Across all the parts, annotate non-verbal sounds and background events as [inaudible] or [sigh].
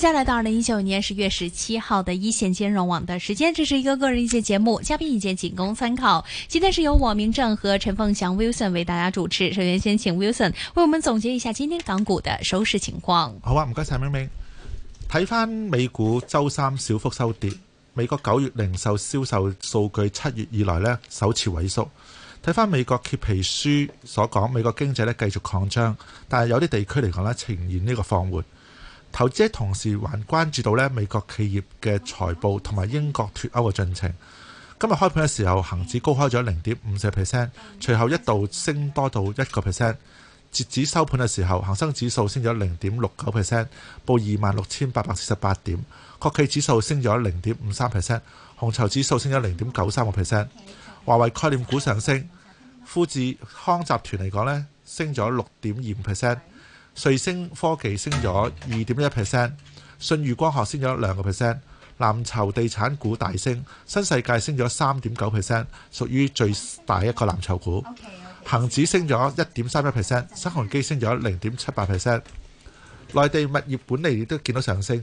再來到二零一九年十月十七號的一線金融網的時間，這是一個個人意見節，節目，嘉賓意見僅供參考。今天是由網民正和陳鳳翔 Wilson 為大家主持。首先，先請 Wilson 為我們總結一下今天港股的收市情況。好啊，唔該晒，明明睇翻美股周三小幅收跌，美國九月零售銷售數據七月以來呢首次萎縮。睇翻美國揭皮書所講，美國經濟呢繼續擴張，但係有啲地區嚟講呢呈現呢個放緩。投資嘅同時，還關注到咧美國企業嘅財報同埋英國脫歐嘅進程。今日開盤嘅時候，恒指高開咗零點五四 percent，隨後一度升多到一個 percent。截止收盤嘅時候，恒生指數升咗零點六九 percent，報二萬六千八百四十八點。國企指數升咗零點五三 percent，紅籌指數升咗零點九三個 percent。華為概念股上升，富智康集團嚟講咧，升咗六點二五 percent。瑞星科技升咗二點一 percent，信義光學升咗兩個 percent，藍籌地產股大升，新世界升咗三點九 percent，屬於最大一個藍籌股 Okay, okay. 恒指升咗一點三一 percent，新鴻基升咗零點七八 percent，內地物業本嚟亦都見到上升。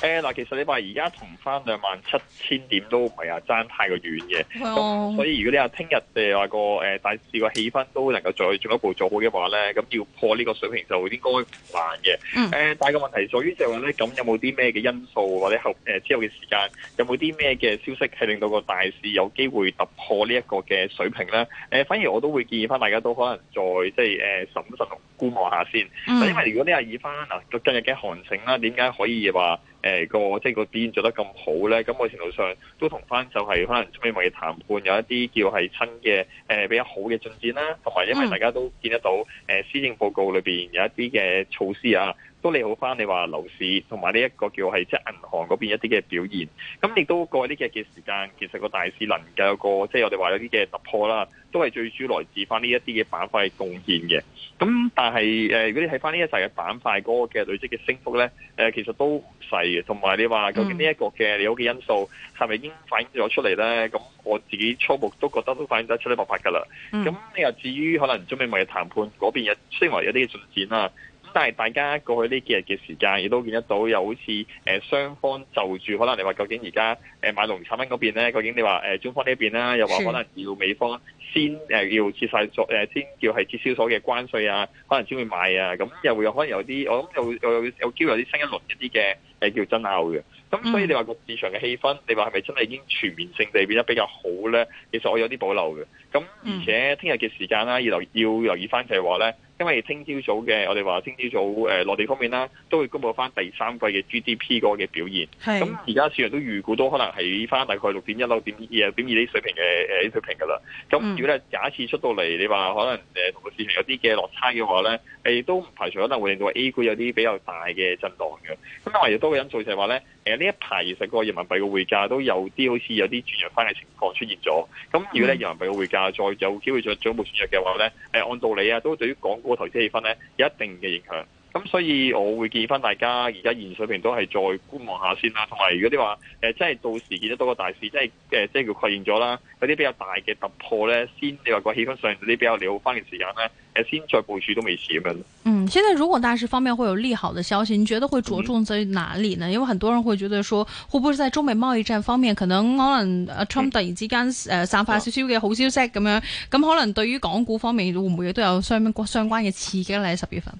誒，嗱，其實你話而家同翻，兩萬七千點都唔係啊爭太過遠嘅。所以如果你話聽日誒話個誒大市個氣氛，都能夠再進一步做好嘅話咧，咁要破呢個水平就應該唔難嘅。誒，mm. 但係個問題在於就係話咧，咁有冇啲咩嘅因素或者後誒之後嘅時間有冇啲咩嘅消息係令到個大市有機會突破呢一個嘅水平咧？誒，反而我都會建議翻大家都可能再即係誒審慎同觀望下先。Mm. 因為如果你話以翻啊近日嘅行情啦，點解可以話？誒、呃就是、個即係個邊做得咁好咧？咁我程度上都同翻就係可能中美嘅談判有一啲叫係親嘅誒、呃、比較好嘅進展啦，同埋因為大家都見得到誒施、呃、政報告裏邊有一啲嘅措施啊。都利好翻，你話樓市同埋呢一個叫係即係銀行嗰邊一啲嘅表現，咁亦都過呢幾日嘅時間，其實個大市能夠有個即係我哋話有啲嘅突破啦，都係最主要來自翻呢一啲嘅板塊嘅貢獻嘅。咁但係誒，如果你睇翻呢一陣嘅板塊嗰個嘅累積嘅升幅咧，其實都唔細嘅，同埋你話究竟呢一個嘅利好嘅因素係咪已經反映咗出嚟咧？咁我自己初步都覺得都反映得出嚟，脈法噶啦。咁你又至於可能中美貿易談判嗰邊有雖然話有啲進展啦。但係大家過去呢幾日嘅時間，亦都見得到，又好似誒雙方就住，可能你話究竟而家誒買農產品嗰邊咧，究竟你話誒中方呢邊啦，又話可能要美方先誒要撤曬所先叫係撤銷所嘅關稅啊可能先會買啊。咁又會有可能有啲，我諗又又有有機會有啲新一輪一啲嘅誒叫爭拗嘅。咁所以你話個市場嘅氣氛，你話係咪真係已經全面性地變得比較好咧？其實我有啲保留嘅。咁而且聽日嘅時間啦、啊，要留要留意翻就係話呢。咧。因為聽朝早嘅，我哋話聽朝早誒內地方面啦，都會公布翻第三季嘅 GDP 個嘅表現。咁而家市場都預估到可能係翻大概六點一、六點二、六點二啲水平嘅誒水平㗎啦。咁如果咧假設出到嚟，你話可能同個市場有啲嘅落差嘅話咧，都唔排除可能會令到 A 股有啲比較大嘅震盪嘅。咁另亦都個因素就係話咧，呢一排其實個人民幣嘅匯價都有啲好似有啲轉弱翻嘅情況出現咗。咁如果咧人民幣嘅匯價再有機會再進一步轉弱嘅話咧，誒按道理啊，都對於港股，個投資氣氛呢，有一定嘅影響。咁所以，我會建議翻大家而家現水平都係再觀望下先啦。同埋，如果啲話，誒，即係到時見得到個大市，即係誒，即係佢確認咗啦，有啲比較大嘅突破咧，先你話個氣氛上啲比較了翻嘅時間咧，誒、呃，先再部署都未遲咁樣。嗯，現在如果大市方面會有利好嘅消息，你覺得會着重在哪裡呢？嗯、因為很多人會覺得說會不會在中美貿易戰方面，可能可能 Trump 突然之間誒、嗯、散發少少嘅好消息咁樣。咁可能對於港股方面會唔會都有相相關嘅刺激咧？喺十月份。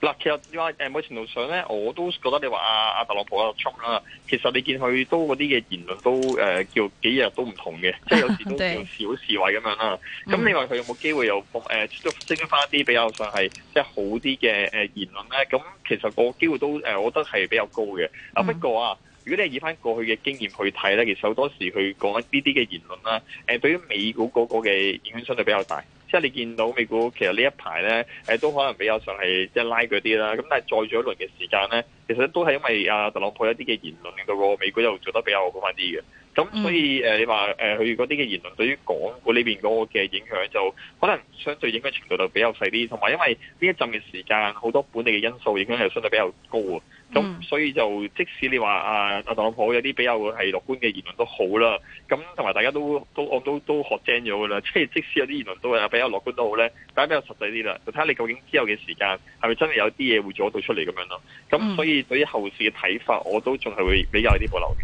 嗱，其實你話誒某程度上咧，我都覺得你話阿阿特朗普啊，衝啦、啊，其實你見佢都嗰啲嘅言論都誒叫、呃、幾日都唔同嘅， [laughs] 即係有時都叫小示威咁樣啦。咁 [laughs] 對你話佢有冇機會又誒、呃、升翻啲比較上係即係好啲嘅言論咧？咁其實個機會都誒、呃，我覺得係比較高嘅。啊 [laughs] 不過啊，如果你以翻過去嘅經驗去睇咧，其實好多時佢講一啲啲嘅言論啦，誒、呃、對於美股嗰個嘅影響相對比較大。即係你見到美股其實這一呢一排咧，誒都可能比較上係即係拉佢啲啦。咁但係再做一輪嘅時間咧，其實都係因為阿特朗普一啲嘅言論令到美股又做得比較好返啲嘅。咁所以誒，你話誒佢嗰啲嘅言論對於港股呢邊嗰個嘅影響，就可能相對應該程度就比較細啲。同埋因為呢一陣嘅時間，好多本地嘅因素影響係相對比較高啊。咁、嗯、所以就即使你話啊阿特朗普有啲比較係樂觀嘅言論都好啦，咁同埋大家都都我都都學精咗噶啦，即、就、係、是、即使有啲言論都係比較樂觀都好咧，大家比較實際啲啦，就睇下你究竟之後嘅時間係咪真係有啲嘢會做到出嚟咁樣咯。咁所以對於後市嘅睇法，我都仲係會比較有啲保留。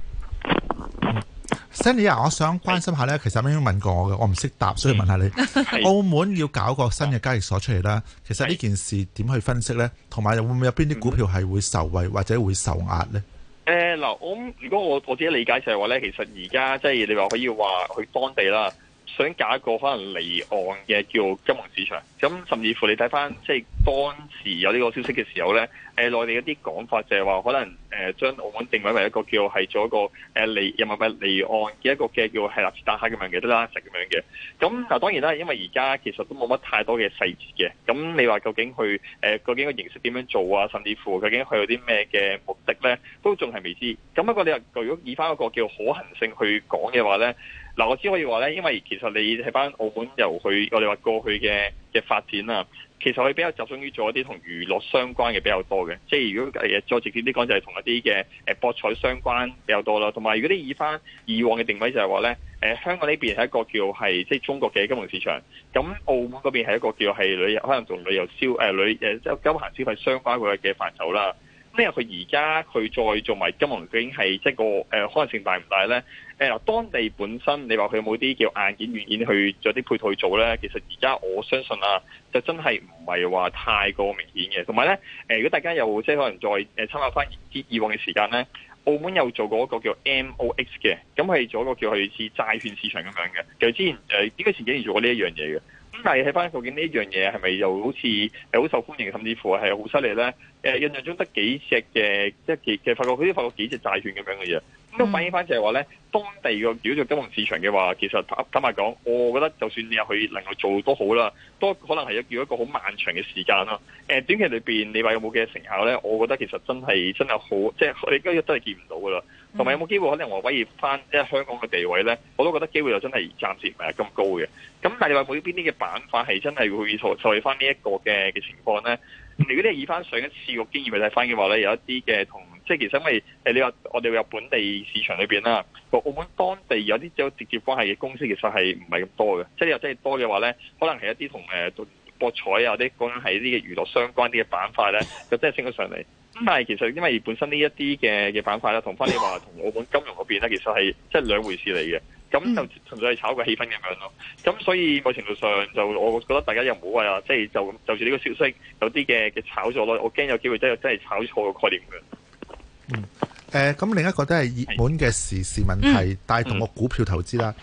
Sandy 啊，我想關心下咧，是其實已經問過我嘅，我唔識答，所以問下你。澳門要搞個新嘅交易所出嚟啦，其實呢件事點去分析咧？同埋又會唔會有邊啲股票係會受惠或者會受壓咧？誒、嗯，嗱、嗯，我、嗯嗯、如果我我自己理解就係話咧，其實而家即係你話可以話去當地啦，想搞一個可能離岸嘅叫金融市場。咁甚至乎你睇翻即係當時有呢個消息嘅時候咧，內地一啲講法就係話可能、呃、將澳門定位為一個叫係做一個誒離人民幣離岸嘅一個嘅叫係納斯達克咁樣嘅，得啦，食咁樣嘅。咁嗱當然啦，因為而家其實都冇乜太多嘅細節嘅。咁你話究竟去、呃、究竟個形式點樣做啊？甚至乎究竟佢有啲咩嘅目的咧，都仲係未知。咁不過你話如果以翻一個叫可行性去講嘅話咧，嗱我只可以話咧，因為其實你睇翻澳門由去我哋話過去嘅。嘅發展啦，其實我哋比較集中於做一啲同娛樂相關嘅比較多嘅，即係如果誒再直接啲講就係同一啲嘅誒博彩相關比較多啦，同埋如果你以翻以往嘅定位就係話咧，誒香港呢邊係一個叫係即係中國嘅金融市場，咁澳門嗰邊係一個叫係旅遊，可能同旅遊消誒、呃、旅誒即係休閒消費相關嗰個嘅範疇啦。因為佢而家佢再做埋金融，究竟係即係個可能性大唔大咧？誒，當地本身你話佢有冇啲叫硬件軟件去做啲配套去做咧？其實而家我相信啊，就真係唔係話太過明顯嘅。同埋咧，如果大家又即係可能再誒參考翻以以往嘅時間咧，澳門有做過一個叫 MOX 嘅，咁佢做一個叫類似債券市場咁樣嘅。其實之前誒應該前幾年做過呢一樣嘢嘅。咁但係睇翻究竟呢一樣嘢係咪又好似係好受歡迎，甚至乎係好犀利咧？誒、呃、印象中得幾隻嘅，即係其其實發覺佢都發覺幾隻債券咁樣嘅嘢。咁反映翻就係話咧，當地個叫做金融市場嘅話，其實坦白講，我覺得就算你入去能夠做都好啦，都可能係要要一個好漫長嘅時間啦。誒、呃、短期裏邊你話有冇嘅成效咧？我覺得其實真係真係好，即係你今真係見唔到噶啦。同埋有冇機會可能我威脅翻即係香港嘅地位咧？我都覺得機會又真係暫時唔係咁高嘅。咁但係你話每邊啲嘅板塊係真係會受受惠翻呢一個嘅嘅情況咧。咁如果你以翻上一次個經驗嚟睇翻嘅話咧，有一啲嘅同即係其實因為你話我哋會有本地市場裏面啦，澳門當地有啲有直接關係嘅公司其實係唔係咁多嘅。即係又真係多嘅話咧，可能係一啲同誒博彩啊，或者講係啲娛樂相關啲嘅板塊咧，就真係升咗上嚟。咁但係其實因為本身呢一啲嘅嘅板塊啦，同翻你話同澳門金融嗰邊咧，其實係即係兩回事嚟嘅。咁就純粹係炒個氣氛咁樣咯。咁、嗯、所以某程度上就我覺得大家又唔好話即係就是、就住呢個消息有啲嘅嘅炒作咯。我驚有機會真係真係炒錯個概念嘅。嗯。誒、呃，咁另一個都係熱門嘅時事問題帶、嗯、動個股票投資啦。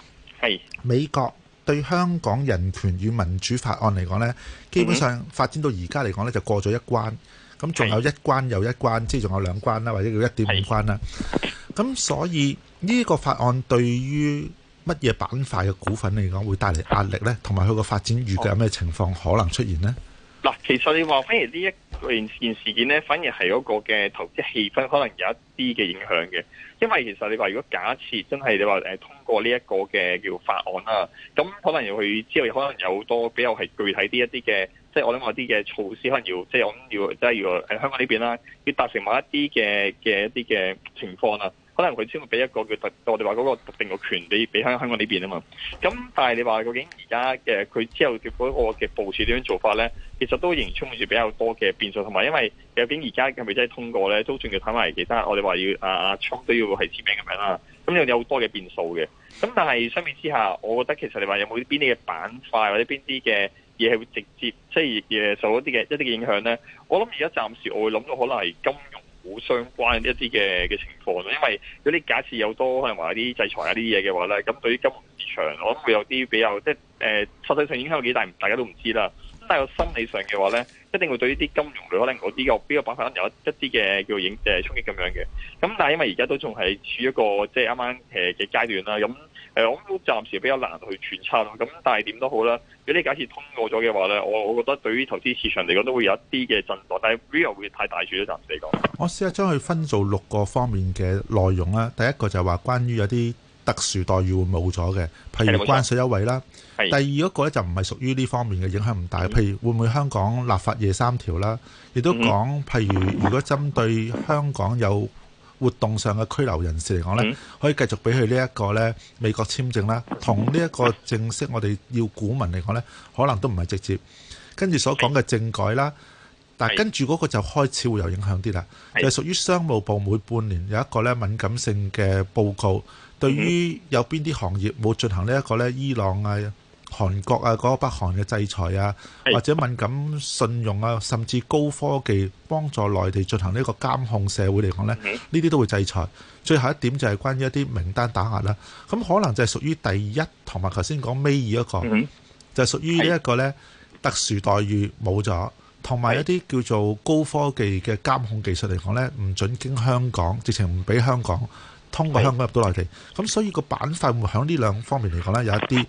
係、嗯。美國對香港人權與民主法案嚟講咧，基本上發展到而家嚟講咧就過咗一關。咁仲、嗯、有一關又一關，即係仲有兩關啦，或者叫一點五關啦。咁是的 所以呢、呢個法案對於乜嘢板塊嘅股份嚟講，會帶嚟壓力呢？同埋佢個發展預計有咩情況可能出現呢？嗱，其實你話反而呢一件事件呢，反而係嗰個嘅投資氣氛可能有一啲嘅影響嘅。因為其實你話如果假設真係你話誒通過呢一個嘅叫法案啦，咁可能要去之後可能有好多比較係具體啲一啲嘅。即係我諗話啲嘅措施可能要，即係我諗要，即係如果喺香港呢邊啦，要達成某一啲嘅嘅一啲嘅情況啦，可能佢先會俾一個叫特，我哋話嗰個特定嘅權力俾香香港呢邊啊嘛。咁但係你話究竟而家嘅佢之後接嗰個嘅部署點樣做法咧，其實都仍充滿住比較多嘅變數，同埋因為究竟而家係咪真係通過咧，都仲要睇埋其他。我哋話要阿阿速都要係簽名咁樣啦，咁有有好多嘅變數嘅。咁但係相比之下，我覺得其實你話有冇邊啲嘅板塊或者邊啲嘅？而係會直接即係、就是、受到一啲嘅一啲影響咧。我諗而家暫時，我會諗到可能係金融股相關一啲嘅嘅情況啦。因為嗰啲假設有多可能話一啲制裁啊啲嘢嘅話咧，咁對於金融市場，我諗會有啲比較即係誒實際上影響有幾大，大家都唔知啦。但係心理上嘅話咧，一定會對呢啲金融類可能嗰啲個邊個板塊有一一啲嘅叫影誒衝擊咁樣嘅。咁但係因為而家都仲係處一個即係啱啱誒嘅階段啦。咁誒，我、呃、暫時比較難去揣測。咁但係點都好啦，如果你假設通過咗嘅話咧，我我覺得對於投資市場嚟講都會有一啲嘅震盪，但係未必會太大。主要暫時嚟講，我試下將佢分做六個方面嘅內容啦。第一個就係話關於有啲特殊待遇會冇咗嘅，譬如關稅優惠啦。第二嗰個咧就唔係屬於呢方面嘅影響唔大，譬如會唔會香港立法廿三條啦，亦都講，譬如如果針對香港有活動上嘅拘留人士嚟講咧，可以繼續俾佢呢一個咧美國簽證啦，同呢一個正式我哋要股民嚟講咧，可能都唔係直接跟住所講嘅政改啦，但跟住嗰個就開始會有影響啲啦，就屬於商務部每半年有一個咧敏感性嘅報告。對於有邊啲行業冇進行呢一個呢伊朗啊、韓國啊、嗰、個、北韓嘅制裁啊，是或者敏感信用啊，甚至高科技幫助內地進行呢個監控社會嚟講呢呢啲、嗯、都會制裁。最後一點就係關於一啲名單打壓啦、啊。咁可能就係屬於第一，同埋頭先講尾二一個，嗯、就係屬於呢一個呢是特殊待遇冇咗，同埋一啲叫做高科技嘅監控技術嚟講，呢唔準經香港，直情唔俾香港。通過香港入到內地，咁是的 所以個板塊會喺呢兩方面嚟講咧，有一啲誒、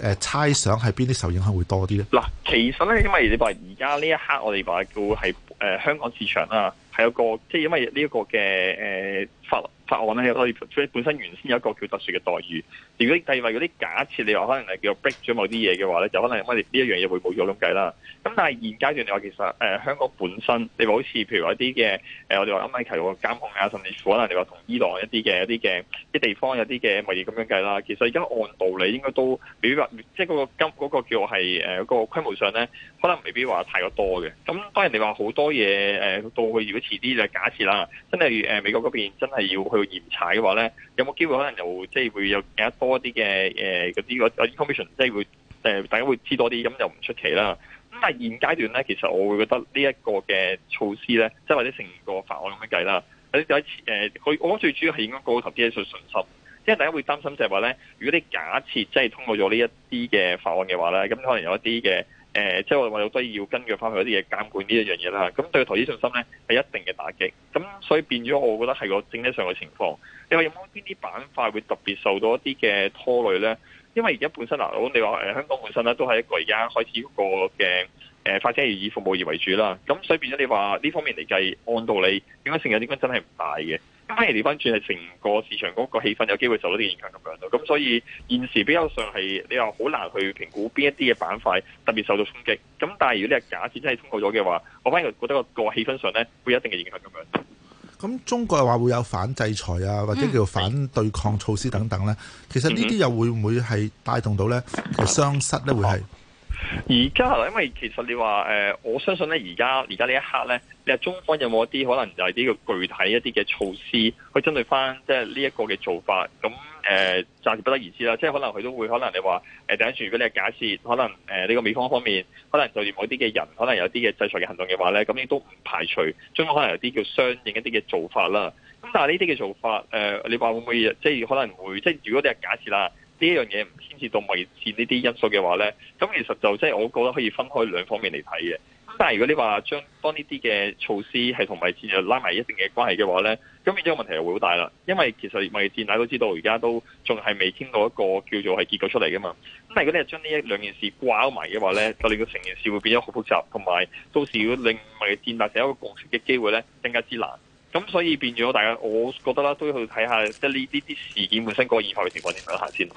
呃、猜想係邊啲受影響會多啲咧？嗱，其實咧，因為你話而家呢一刻我們說是，我哋話叫係誒香港市場啊，係有個即係因為呢一個嘅誒、呃、法律。法案咧可以，所以本身原先有一個叫特殊嘅待遇。如果計為嗰啲假設，你話可能係叫 break 咗某啲嘢嘅話咧，就可能乜嘢呢一樣嘢會冇咗咁計啦。咁但係現階段你話其實誒、呃、香港本身，你話好似譬如一啲嘅誒，我哋話啱啱提過監控啊，甚至乎可能你話同伊朗一啲嘅一啲嘅啲地方有啲嘅物業咁樣計啦。其實而家按道理應該都未必即係、那、嗰個金嗰、那個、叫係誒嗰個規模上咧，可能未必話太過多嘅。咁當然你話好多嘢誒到佢如果遲啲就假設啦，真係誒美國嗰邊真係要去。嚴查嘅話咧，有冇機會可能又即係會有更加多啲嘅誒嗰啲個 information，即係會誒、呃、大家會知多啲，咁又唔出奇啦。咁但係現階段咧，其實我會覺得呢一個嘅措施咧，即係或者成個法案咁樣計啦。喺喺誒，佢我覺得最主要係應該過頭啲嘅信心，因為大家會擔心就係話咧，如果你假設即係通過咗呢一啲嘅法案嘅話咧，咁可能有一啲嘅。誒，即係、呃就是、我哋話有需要跟著翻佢嗰啲嘢監管呢一樣嘢啦。咁對投資信心咧係一定嘅打擊。咁所以變咗，我覺得係個整體上嘅情況。你話有冇邊啲板塊會特別受到一啲嘅拖累咧？因為而家本身嗱，如你話香港本身咧都係一個而家開始一個嘅誒發展係以服務業為主啦。咁所以變咗，你話呢方面嚟計，按道理點解成日點解真係唔大嘅？反而調翻轉係成個市場嗰個氣氛有機會受到啲影響咁樣咯，咁所以現時比較上係你又好難去評估邊一啲嘅板塊特別受到衝擊。咁但係如果你係假設真係通過咗嘅話，我反而覺得個個氣氛上咧會有一定嘅影響咁樣。咁中國話會有反制裁啊，或者叫反對抗措施等等咧，嗯、其實呢啲又會唔會係帶動到咧，其實傷失咧會係？而家啦，因為其實你話誒、呃，我相信咧，而家而家呢一刻咧，你話中方有冇一啲可能就係呢個具體一啲嘅措施去針對翻即係呢一個嘅做法？咁誒暫時不得而知啦。即係可能佢都會可能你話、呃、第一處，如果你係假設，可能誒呢、呃這個美方方面可能就係某啲嘅人可能有啲嘅制裁嘅行動嘅話咧，咁亦都唔排除中方可能有啲叫相應一啲嘅做法啦。咁但係呢啲嘅做法誒、呃，你話會唔會即係可能會即係如果你係假設啦？呢一樣嘢唔牽涉到貿易戰呢啲因素嘅話咧，咁其實就即係我覺得可以分開兩方面嚟睇嘅。咁但係如果你話將當呢啲嘅措施係同貿易戰拉埋一定嘅關係嘅話咧，咁變咗個問題就會好大啦。因為其實貿易戰大家都知道，而家都仲係未傾到一個叫做係結果出嚟㗎嘛。咁但係如果你係將呢一兩件事掛埋嘅話咧，就令到成件事會變咗好複雜，同埋到時要令貿易戰達成一個共識嘅機會咧更加之難。咁、嗯、所以變咗，大家我覺得啦，都要去睇下，即係呢呢啲事件本身、嗯、本身個現況嘅情況點樣下先。誒、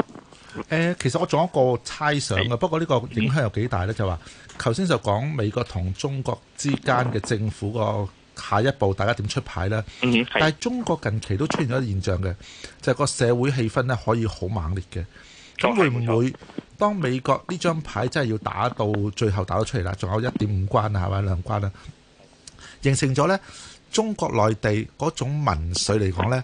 呃，其實我仲有一個猜想嘅，是不過呢個影響有幾大呢？嗯、就話頭先就講美國同中國之間嘅政府個下一步，大家點出牌呢？嗯、但係中國近期都出現咗現象嘅，就係、是、個社會氣氛呢可以好猛烈嘅。咁是會唔會當美國呢張牌真係要打到最後打咗出嚟啦？仲有一點五關啊，係咪兩關啊？形成咗呢。中國內地嗰種民粹嚟講咧，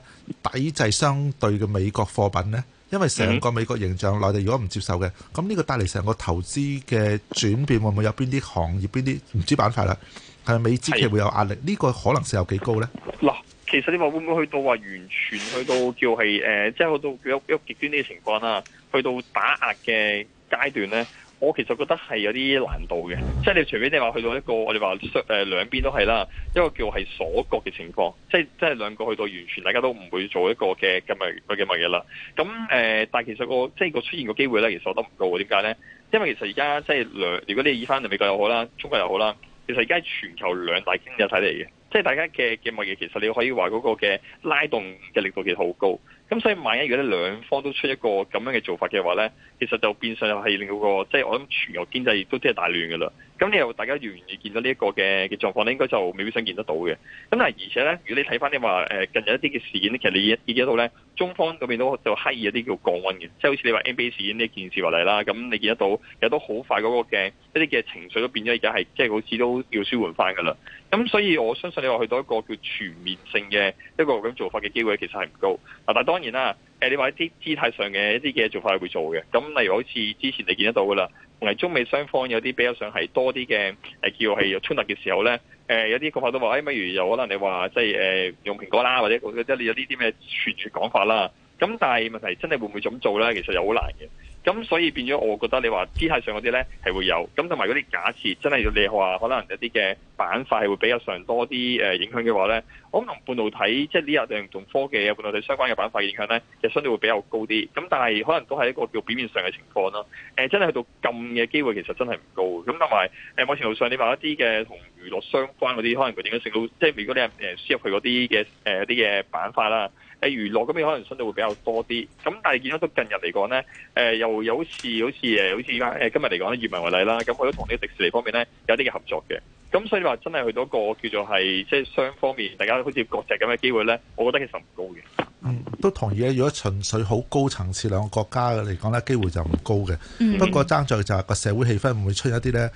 抵制相對嘅美國貨品咧，因為成個美國形象內地如果唔接受嘅，咁呢個帶嚟成個投資嘅轉變會唔會有邊啲行業、邊啲唔知板塊啦？係咪美資企會有壓力？呢的個可能性有幾高咧？嗱，其實你話會唔會去到話完全去到叫係誒、呃，即係去到比較比較極端啲嘅情況啦，去到打壓嘅階段咧？我其實覺得係有啲難度嘅，即係你除非你話去到一個我哋話誒兩邊都係啦，一個叫係鎖國嘅情況，即係即係兩個去到完全大家都唔會做一個嘅咁嘅嘅貿易啦。咁誒，但係其實個即係個出現個機會咧，其實我都唔高，點解咧？因為其實而家即係兩，如果你以翻嚟美國又好啦，中國又好啦，其實而家係全球兩大經濟體嚟嘅，即係大家嘅嘅貿易，其實你可以話嗰個嘅拉動嘅力度其實好高。咁所以萬一如果咧兩方都出一個咁樣嘅做法嘅話咧，其實就變相係令到個即係、就是、我諗全球經濟亦都即係大亂㗎啦。咁你又大家越嚟越見到呢一個嘅嘅狀況咧，應該就未必想見得到嘅。咁但係而且咧，如果你睇翻你話近日一啲嘅事件，其實你見得到咧，中方嗰邊都就刻意一啲叫降溫嘅，即係好似你話 NBA 事件呢件事話嚟啦。咁你見得到其實都好快嗰個嘅一啲嘅情緒都變咗而家係即係好似都要舒緩翻噶啦。咁所以我相信你話去到一個叫全面性嘅一個咁做法嘅機會其實係唔高。嗱，但係當然啦，你話一啲姿態上嘅一啲嘅做法係會做嘅。咁例如好似之前你見得到噶啦。同埋中美雙方有啲比較上係多啲嘅誒叫係衝突嘅時候咧，誒有啲講法都話誒不如又可能你話即係、呃、用蘋果啦，或者我覺得你有呢啲咩傳説講法啦。咁但係問題真係會唔會咁做咧？其實又好難嘅。咁所以變咗，我覺得你話姿態上嗰啲咧係會有，咁同埋嗰啲假設真係要你話可能一啲嘅板塊係會比較上多啲影響嘅話咧，可能半導體即係呢樣同科技啊，半導體相關嘅板塊影響咧，就相對會比較高啲。咁但係可能都係一個叫表面上嘅情況咯。真係去到咁嘅機會其實真係唔高。咁同埋誒，某程度上你話一啲嘅同娛樂相關嗰啲，可能佢影響性到，即係如果你係輸入去嗰啲嘅一啲嘅板塊啦。誒娛樂咁樣可能信號會比較多啲，咁但係見到都近日嚟講咧，誒又有次好似誒好似依家誒今日嚟講咧，移民為例啦，咁佢都同啲迪士尼方面咧有啲嘅合作嘅，咁所以話真係去到一個叫做係即係雙方面大家好似國際咁嘅機會咧，我覺得其實唔高嘅。嗯，都同意嘅。如果純粹好高層次兩個國家嘅嚟講咧，機會就唔高嘅。嗯。不過爭在就係個社會氣氛會出現一啲咧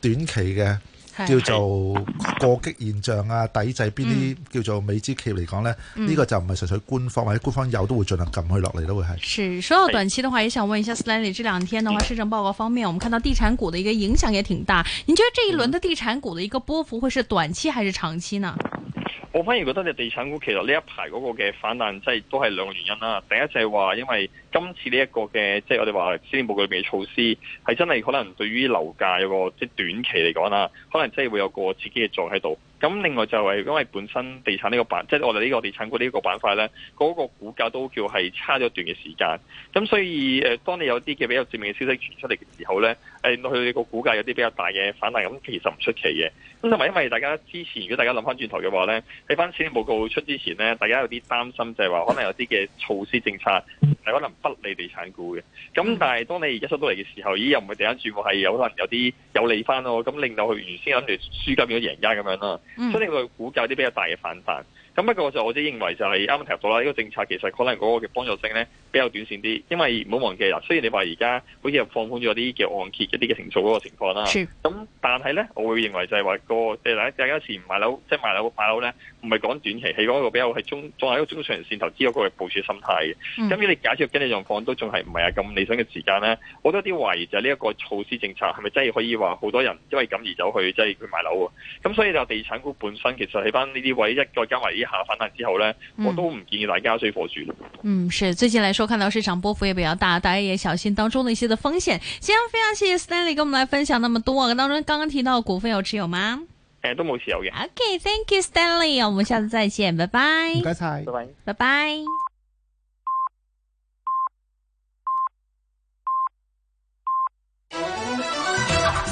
短期嘅。叫做過激現象啊，抵制邊啲、嗯、叫做美資企嚟講呢？呢、嗯、個就唔係純粹官方或者官方有都會盡量撳佢落嚟都會係。是，說到短期的話，也想問一下斯蘭里，這兩天的話，市政報告方面，我們看到地產股的一個影響也挺大。你覺得這一輪的地產股的一個波幅會是短期還是長期呢？我反而覺得你地產股其實呢一排嗰個嘅反彈，即係都係兩個原因啦。第一就係話，因為今次呢一個嘅即係我哋話，資料報告裏面嘅措施係真係可能對於樓價有個即係短期嚟講啦，可能真係會有個刺激嘅作用喺度。咁另外就係因為本身地產呢個板，即係我哋呢個地產股呢個板塊咧，嗰個股價都叫係差咗一段嘅時間。咁所以誒，當你有啲嘅比較正面嘅消息傳出嚟嘅時候咧，令到佢個股價有啲比較大嘅反彈，咁其實唔出奇嘅。咁同埋因為大家之前，如果大家諗翻轉頭嘅話咧，喺翻錢報告出之前咧，大家有啲擔心就，就係話可能有啲嘅措施政策係可能不利地產股嘅。咁但係當你而家收到嚟嘅時候，咦？又唔係突然之間轉話係有可能有啲有利翻咯，咁令到佢原先諗住輸金變咗贏家咁樣啦。所以令到佢股價有啲比較大嘅反彈。咁不過就我就認為就係啱啱提到啦，呢個政策其實可能嗰個嘅幫助性咧比較短線啲，因為唔好忘記啦。雖然你話而家好似又放寬咗啲叫按揭一啲嘅成數嗰個情況啦，咁但係咧，我會認為就係話個即大家大家唔買樓即係買樓買樓咧，唔係講短期，係一個比較係中仲係一個中長線投資嗰個部署心態嘅。咁如果你假設經濟狀況都仲係唔係啊咁理想嘅時間咧，我都有啲懷疑就係呢一個措施政策係咪真係可以話好多人因為咁而走去即係去買樓喎？咁所以就地產股本身其實起翻呢啲位一再加埋。下反彈之後呢，我都唔建議大家追貨住。嗯，是最近來說，看到市場波幅也比較大，大家也小心當中的一些的風險。今日非常謝謝 Stanley 跟我們來分享那麼多，當中剛剛提到股份有持有嗎？誒、呃，都冇持有嘅。OK，thank、okay, you Stanley，我們下次再見，拜拜。唔該晒，拜拜。拜拜。